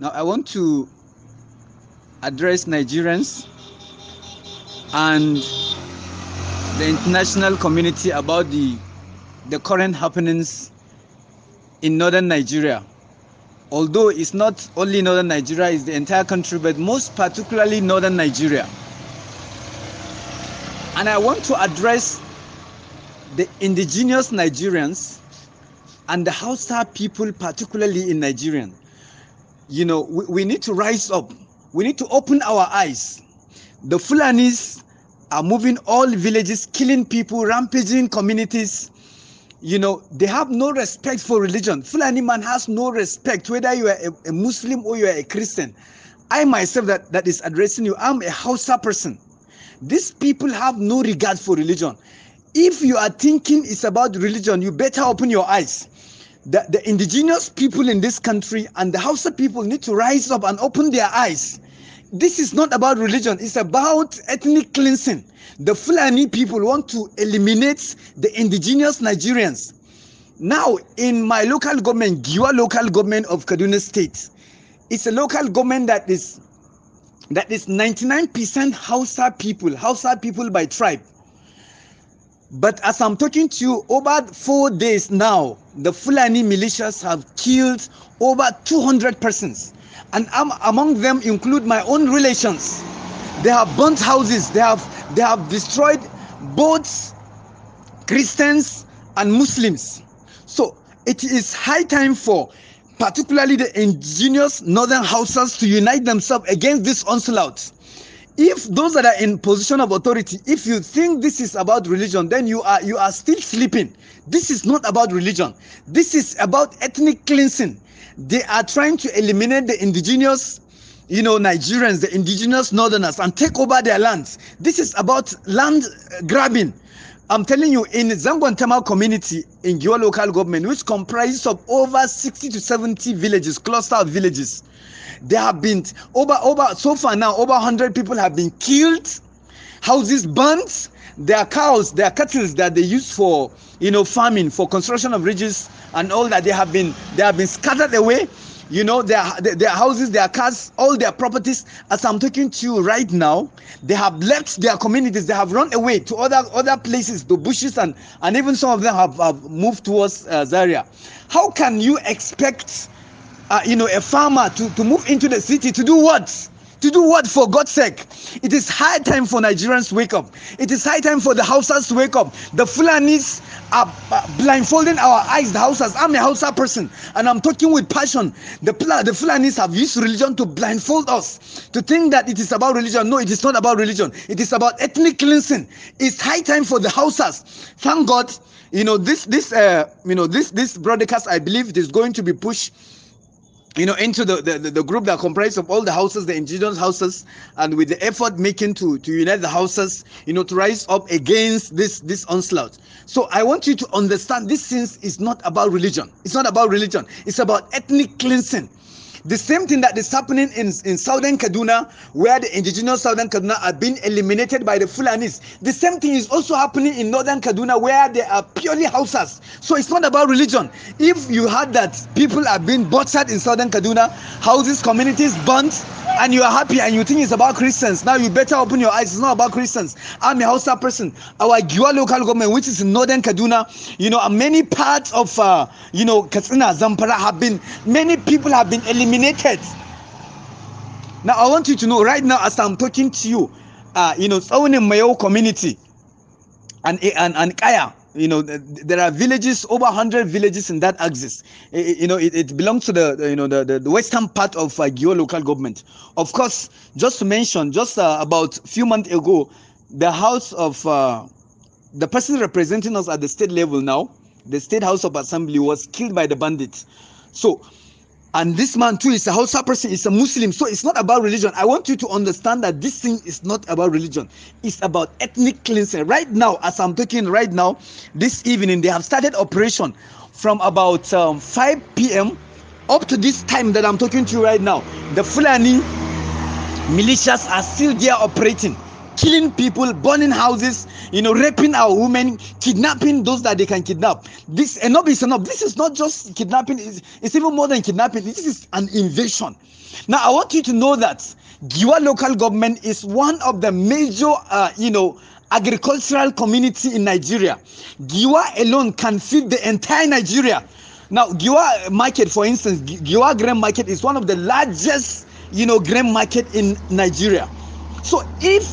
Now, I want to address Nigerians and the international community about the, the current happenings in northern Nigeria. Although it's not only northern Nigeria, it's the entire country, but most particularly northern Nigeria. And I want to address the indigenous Nigerians and the Hausa people, particularly in Nigeria you know, we, we need to rise up. We need to open our eyes. The Fulanis are moving all villages, killing people, rampaging communities. You know, they have no respect for religion. Fulani man has no respect, whether you are a, a Muslim or you are a Christian. I myself that, that is addressing you, I'm a Hausa person. These people have no regard for religion. If you are thinking it's about religion, you better open your eyes the, the indigenous people in this country and the Hausa people need to rise up and open their eyes. This is not about religion, it's about ethnic cleansing. The Fulani people want to eliminate the indigenous Nigerians. Now, in my local government, Giwa local government of Kaduna State, it's a local government that is that is 99% Hausa people, Hausa people by tribe. But as I'm talking to you, over four days now, the Fulani militias have killed over 200 persons, and I'm, among them include my own relations. They have burnt houses, they have, they have destroyed both Christians, and Muslims. So it is high time for particularly the indigenous northern houses to unite themselves against this onslaught if those that are in position of authority if you think this is about religion then you are you are still sleeping this is not about religion this is about ethnic cleansing they are trying to eliminate the indigenous you know nigerians the indigenous northerners and take over their lands this is about land grabbing I'm telling you, in Zangwantama community in your local government, which comprises of over 60 to 70 villages, cluster of villages, there have been over over so far now over 100 people have been killed, houses burnt, their cows, their cattle that they use for you know farming, for construction of bridges and all that they have been they have been scattered away you know their, their houses their cars all their properties as i'm talking to you right now they have left their communities they have run away to other other places the bushes and and even some of them have, have moved towards uh, zaria how can you expect uh, you know a farmer to, to move into the city to do what to do what for God's sake? It is high time for Nigerians to wake up. It is high time for the houses to wake up. The Fulanis are blindfolding our eyes, the houses. I'm a Hausa person and I'm talking with passion. The, the Fulanis have used religion to blindfold us, to think that it is about religion. No, it is not about religion. It is about ethnic cleansing. It's high time for the houses. Thank God, you know, this, this, uh, you know, this, this broadcast, I believe, is going to be pushed you know into the, the, the group that comprised of all the houses the indigenous houses and with the effort making to to unite the houses you know to rise up against this this onslaught so i want you to understand this since is not about religion it's not about religion it's about ethnic cleansing the same thing that is happening in, in southern Kaduna, where the indigenous southern Kaduna are being eliminated by the Fulanis. The same thing is also happening in northern Kaduna, where they are purely houses. So it's not about religion. If you had that people are being butchered in southern Kaduna, houses, communities burnt, and you are happy and you think it's about Christians. Now you better open your eyes. It's not about Christians. I'm a Hausa person. Our Giwa local government, which is in northern Kaduna, you know, many parts of, uh, you know, Katsina, Zampara have been, many people have been eliminated. Now I want you to know right now as I'm talking to you, uh, you know, Tsaunin Mayo community and, and, and Kaya, you know there are villages over 100 villages in that axis you know it, it belongs to the you know the, the, the western part of uh, Gyo local government of course just to mention just uh, about few months ago the house of uh, the person representing us at the state level now the state house of assembly was killed by the bandits so and this man too is a Hausa person, is a Muslim. So it's not about religion. I want you to understand that this thing is not about religion. It's about ethnic cleansing. Right now, as I'm talking right now, this evening, they have started operation from about um, 5 p.m. up to this time that I'm talking to you right now. The Fulani militias are still there operating killing people, burning houses, you know, raping our women, kidnapping those that they can kidnap. This and not is enough. This is not just kidnapping, it's, it's even more than kidnapping. This is an invasion. Now I want you to know that Giwa local government is one of the major uh, you know agricultural community in Nigeria. Giwa alone can feed the entire Nigeria. Now, Giwa market, for instance, Giwa grain market is one of the largest, you know, grain market in Nigeria. So if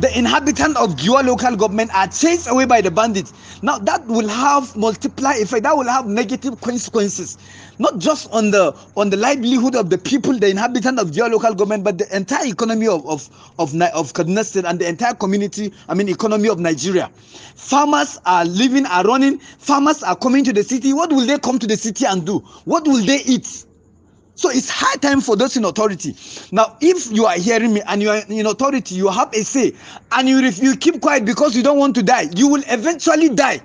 the inhabitants of your local government are chased away by the bandits. Now that will have multiply effect. That will have negative consequences, not just on the on the livelihood of the people, the inhabitants of your local government, but the entire economy of of of, of Kaduna State and the entire community. I mean, economy of Nigeria. Farmers are living, are running. Farmers are coming to the city. What will they come to the city and do? What will they eat? So it's high time for those in authority. Now, if you are hearing me and you are in authority, you have a say, and you you keep quiet because you don't want to die, you will eventually die.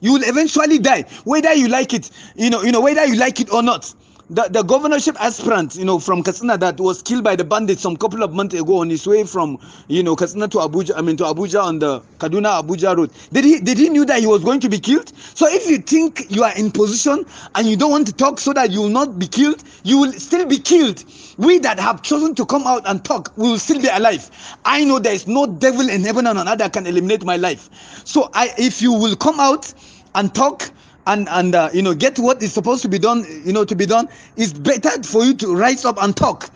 You will eventually die, whether you like it, you know, you know, whether you like it or not the, the governorship aspirant, you know, from Katsina that was killed by the bandits some couple of months ago on his way from, you know, Katsina to Abuja, I mean to Abuja on the Kaduna Abuja road. Did he did he knew that he was going to be killed? So if you think you are in position and you don't want to talk so that you will not be killed, you will still be killed. We that have chosen to come out and talk will still be alive. I know there is no devil in heaven and another can eliminate my life. So I if you will come out and talk and and uh, you know get what is supposed to be done you know to be done it's better for you to rise up and talk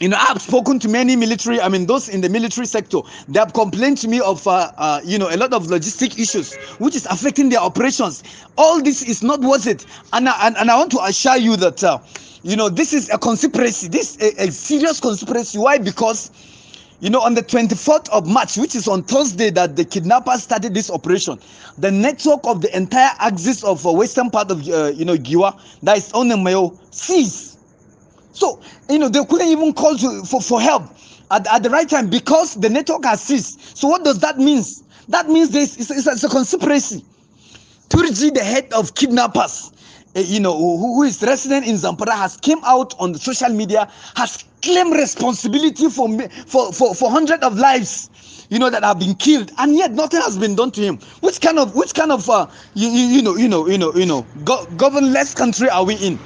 you know i've spoken to many military i mean those in the military sector they have complained to me of uh, uh, you know a lot of logistic issues which is affecting their operations all this is not worth it and i, and, and I want to assure you that uh, you know this is a conspiracy this is a, a serious conspiracy why because you know, on the 24th of March, which is on Thursday, that the kidnappers started this operation, the network of the entire axis of uh, western part of uh, you know Giwa that is on the Mayo ceased. So you know they couldn't even call to, for for help at, at the right time because the network has ceased. So what does that mean? That means this it's, it's, it's a conspiracy. Turji, the head of kidnappers, uh, you know, who, who is resident in Zampara, has came out on the social media, has claim responsibility for, for, for, for hundreds of lives, you know, that have been killed, and yet nothing has been done to him. Which kind of, which kind of, uh, you, you, you know, you know, you know, you know, go- governless country are we in?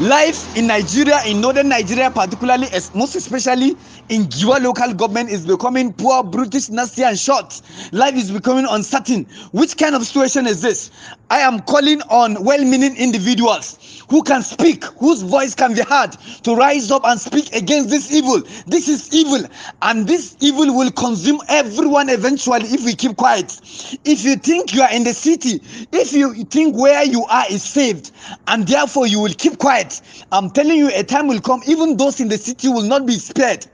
Life in Nigeria, in northern Nigeria, particularly, most especially in Giwa local government is becoming poor, brutish, nasty, and short. Life is becoming uncertain. Which kind of situation is this? I am calling on well meaning individuals who can speak, whose voice can be heard, to rise up and speak against this evil. This is evil, and this evil will consume everyone eventually if we keep quiet. If you think you are in the city, if you think where you are is saved, and therefore you will keep quiet, I'm telling you, a time will come, even those in the city will not be spared.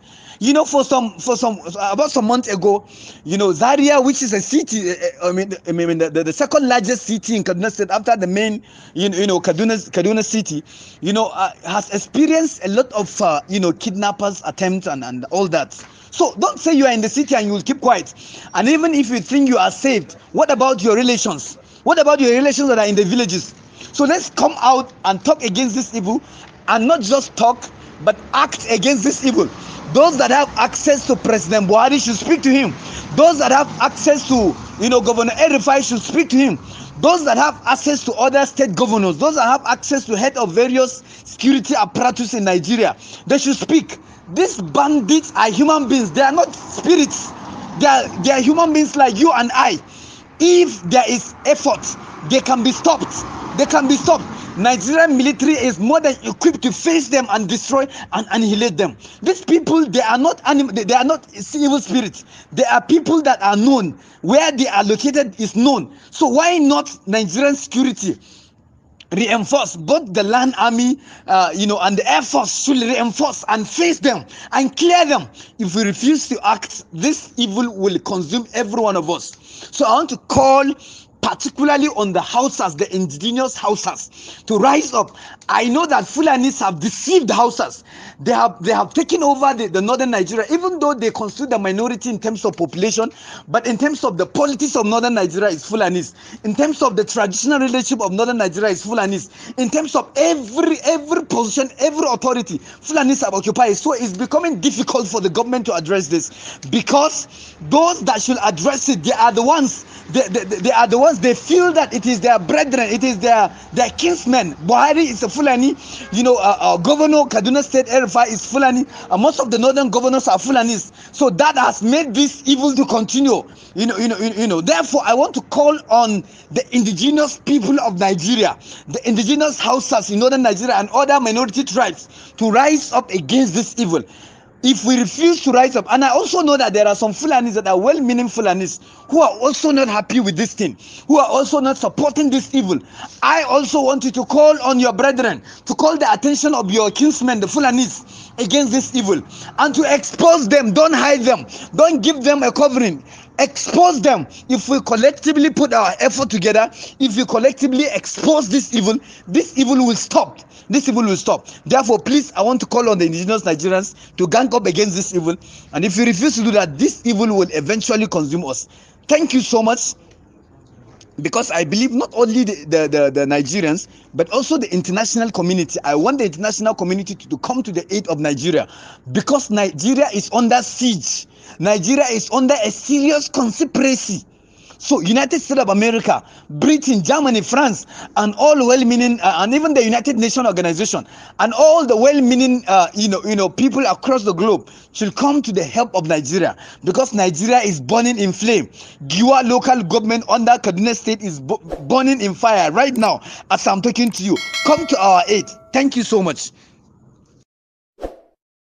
You know, for some, for some, about some months ago, you know, Zaria, which is a city, eh, eh, I mean, I mean, the, the, the second largest city in Kaduna State after the main, you, you know, Kaduna, Kaduna City, you know, uh, has experienced a lot of, uh, you know, kidnappers attempts and, and all that. So don't say you are in the city and you will keep quiet. And even if you think you are saved, what about your relations? What about your relations that are in the villages? So let's come out and talk against this evil and not just talk, but act against this evil. Those that have access to President Buhari should speak to him. Those that have access to, you know, Governor Erifai should speak to him. Those that have access to other state governors, those that have access to head of various security apparatus in Nigeria, they should speak. These bandits are human beings. They are not spirits. They are, they are human beings like you and I. If there is effort, they can be stopped. They can be stopped. Nigerian military is more than equipped to face them and destroy and annihilate them. These people, they are not anim- they are not evil spirits. They are people that are known. Where they are located is known. So why not Nigerian security? reinforce both the land army uh, you know and the air force should reinforce and face them and clear them if we refuse to act this evil will consume every one of us so i want to call particularly on the houses, the indigenous houses, to rise up. I know that Fulanis have deceived the houses. They have they have taken over the, the northern Nigeria, even though they constitute the minority in terms of population, but in terms of the politics of northern Nigeria is Fulanis. In terms of the traditional relationship of northern Nigeria is Fulanis. In terms of every every position, every authority, Fulanis have occupied. So it's becoming difficult for the government to address this because those that should address it, they are the ones, they, they, they are the ones because they feel that it is their brethren, it is their their kinsmen. Buhari is a Fulani, you know, uh, uh, Governor Kaduna State Erfa is Fulani, and most of the northern governors are Fulanis. So that has made this evil to continue. You know, you know, you know. Therefore, I want to call on the indigenous people of Nigeria, the indigenous Hausas in northern Nigeria, and other minority tribes to rise up against this evil if we refuse to rise up, and I also know that there are some Fulanis that are well meaning Fulanis who are also not happy with this thing, who are also not supporting this evil. I also want you to call on your brethren, to call the attention of your kinsmen, the Fulanis, against this evil, and to expose them. Don't hide them, don't give them a covering. expose them. If we collectively put our effort together, if we collectively expose this evil, this evil will stop. This evil will stop. Therefore, please, I want to call on the indigenous Nigerians to gang up against this evil. And if you refuse to do that, this evil will eventually consume us. Thank you so much. because I believe not only the, the, the, the, Nigerians, but also the international community. I want the international community to, to come to the aid of Nigeria because Nigeria is under siege. Nigeria is under a serious conspiracy so United States of America, Britain, Germany, France, and all well-meaning, uh, and even the United Nations organization, and all the well-meaning, uh, you know, you know, people across the globe should come to the help of Nigeria because Nigeria is burning in flame. Giwa local government under Kaduna State is burning in fire right now as I'm talking to you. Come to our aid. Thank you so much.